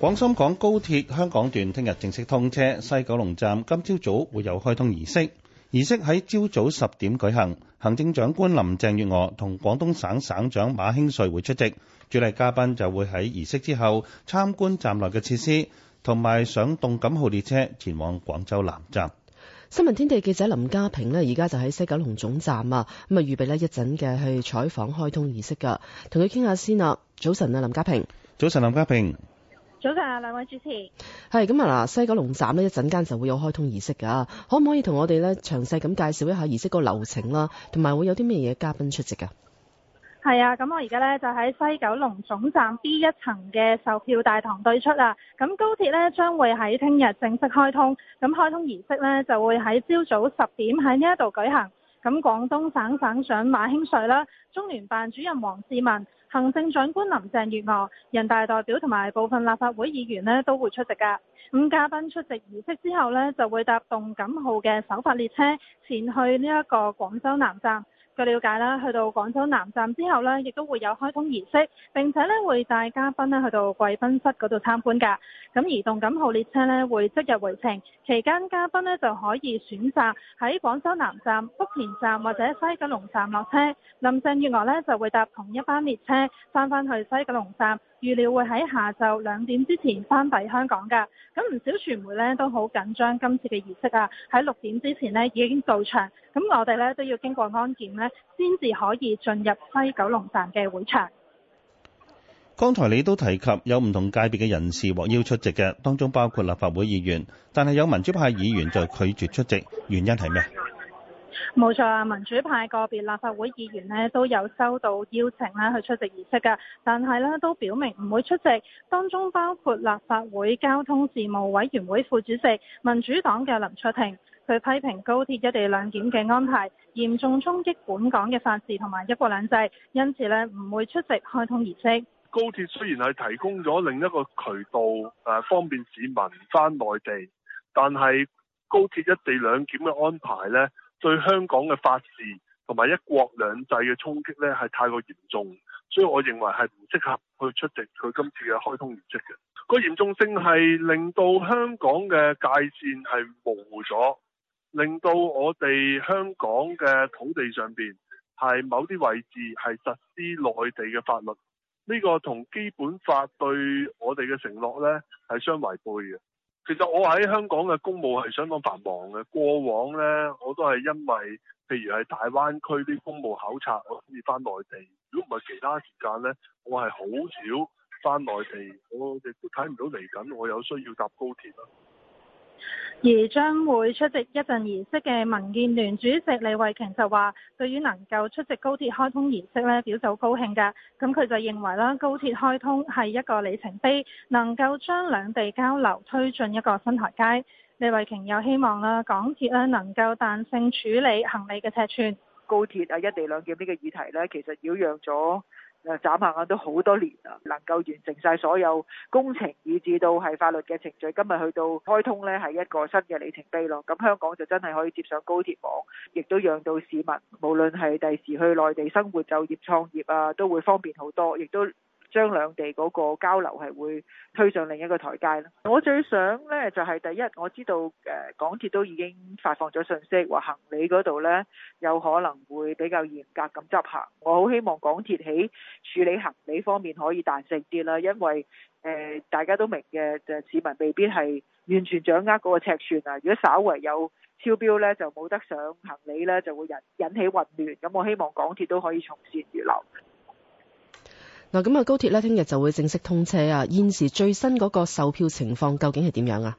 廣深港高鐵香港段聽日正式通車，西九龍站今朝早，早會有開通儀式，儀式喺朝早十點舉行。行政長官林鄭月娥同廣東省，省省長馬興瑞會出席，主禮嘉賓就會喺儀式之後參觀站內嘅設施，同埋上動感號列車前往廣州南站。新聞天地記者林家萍呢，而家就喺西九龍總站啊，咁啊，預備呢一陣嘅去採訪開通儀式噶，同佢傾下先啦。早晨啊，林家萍。早晨，林家萍。早晨啊，兩位主持，係咁啊嗱，西九龍站呢一陣間就會有開通儀式噶，可唔可以同我哋呢詳細咁介紹一下儀式個流程啦，同埋會有啲咩嘢嘉賓出席噶？係啊，咁我而家呢就喺西九龍總站 B 一層嘅售票大堂對出喇，咁高鐵呢將會喺聽日正式開通，咁開通儀式呢就會喺朝早十點喺呢一度舉行。咁廣東省省長馬興瑞啦，中聯辦主任王志民，行政長官林鄭月娥，人大代表同埋部分立法會議員呢都會出席㗎。咁嘉賓出席儀式之後呢，就會搭動感號嘅首發列車，前去呢一個廣州南站。據了解啦，去到廣州南站之後咧，亦都會有開通儀式，並且咧會帶嘉賓咧去到貴賓室嗰度參觀噶。咁移動感號列車咧會即日回程，期間嘉賓咧就可以選擇喺廣州南站、福田站或者西九龍站落車。林鄭月娥咧就會搭同一班列車翻返去西九龍站。預料會喺下晝兩點之前返抵香港㗎，咁唔少傳媒咧都好緊張今次嘅儀式啊，喺六點之前呢已經到場，咁我哋咧都要經過安檢呢，先至可以進入西九龍站嘅會場。剛才你都提及有唔同界別嘅人士獲邀出席嘅，當中包括立法會議員，但係有民主派議員就拒絕出席，原因係咩？冇錯啊！民主派個別立法會議員呢都有收到邀請呢去出席儀式㗎，但係呢都表明唔會出席。當中包括立法會交通事務委員會副主席民主黨嘅林卓廷，佢批評高鐵一地兩檢嘅安排嚴重衝擊本港嘅法治同埋一國兩制，因此呢唔會出席開通儀式。高鐵雖然係提供咗另一個渠道誒，方便市民返內地，但係高鐵一地兩檢嘅安排呢，對香港嘅法治同埋一國兩制嘅衝擊呢係太過嚴重，所以我認為係唔適合去出席佢今次嘅開通儀式嘅。個嚴重性係令到香港嘅界線係模糊咗，令到我哋香港嘅土地上邊係某啲位置係實施內地嘅法律，呢個同基本法對我哋嘅承諾呢係相違背嘅。其實我喺香港嘅公務係相當繁忙嘅，過往呢，我都係因為譬如係大灣區啲公務考察，我先翻內地。如果唔係其他時間呢，我係好少翻內地，我亦都睇唔到嚟緊我有需要搭高鐵啦。而將會出席一陣儀式嘅民建聯主席李慧瓊就話，對於能夠出席高鐵開通儀式呢，表示好高興㗎。咁佢就認為啦，高鐵開通係一個里程碑，能夠將兩地交流推進一個新台階。李慧瓊又希望啦，港鐵咧能夠彈性處理行李嘅尺寸。高鐵啊，一地兩檢呢個議題呢，其實擾攘咗。誒，眨下眼都好多年啦，能夠完成晒所有工程，以至到係法律嘅程序，今日去到開通呢，係一個新嘅里程碑咯。咁香港就真係可以接上高鐵網，亦都讓到市民無論係第時去內地生活、就業、創業啊，都會方便好多，亦都。將兩地嗰個交流係會推上另一個台階咯。我最想呢就係、是、第一，我知道誒港鐵都已經發放咗信息，話行李嗰度呢有可能會比較嚴格咁執行。我好希望港鐵喺處理行李方面可以彈性啲啦，因為誒、呃、大家都明嘅，就市民未必係完全掌握嗰個尺寸啊。如果稍為有超標呢，就冇得上行李呢，就會引引起混亂。咁我希望港鐵都可以從善如流。嗱，咁啊，高鐵咧聽日就會正式通車啊！現時最新嗰個售票情況究竟係點樣啊？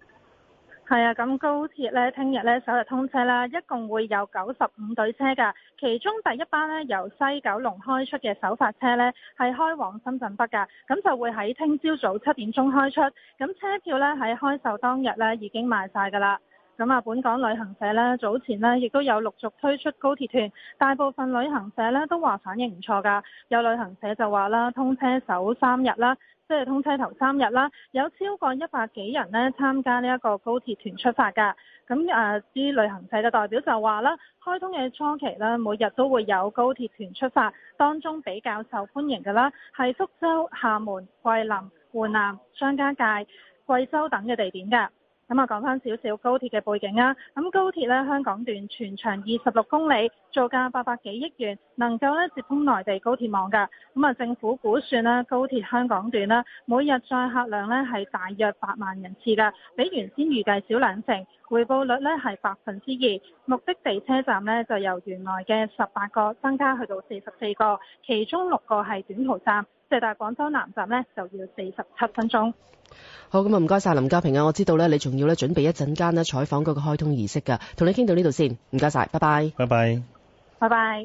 係啊，咁高鐵咧聽日咧首日通車啦，一共會有九十五對車噶，其中第一班咧由西九龍開出嘅首發車咧係開往深圳北噶，咁就會喺聽朝早七點鐘開出，咁車票咧喺開售當日咧已經賣晒噶啦。咁啊，本港旅行社咧早前咧亦都有陸續推出高鐵團，大部分旅行社咧都話反應唔錯噶。有旅行社就話啦，通車首三日啦，即係通車頭三日啦，有超過一百幾人咧參加呢一個高鐵團出發噶。咁啊，啲、呃、旅行社嘅代表就話啦，開通嘅初期咧，每日都會有高鐵團出發，當中比較受歡迎嘅啦，係福州、廈門、桂林、湖南、張家界、貴州等嘅地點嘅。咁啊，講返少少高鐵嘅背景啦。咁高鐵咧，香港段全長二十六公里，造價八百幾億元，能夠咧接通內地高鐵網㗎。咁啊，政府估算啦，高鐵香港段啦，每日載客量咧係大約八萬人次㗎，比原先預計少兩成，回報率咧係百分之二。目的地車站咧，就由原來嘅十八個增加去到四十四個，其中六個係短途站。即大但係廣州南站呢，就要四十七分鐘。好，咁啊，唔該晒林家萍啊！我知道呢，你仲要呢準備一陣間呢，採訪嗰個開通儀式㗎，同你傾到呢度先，唔該晒，拜拜，拜拜，拜拜。拜拜。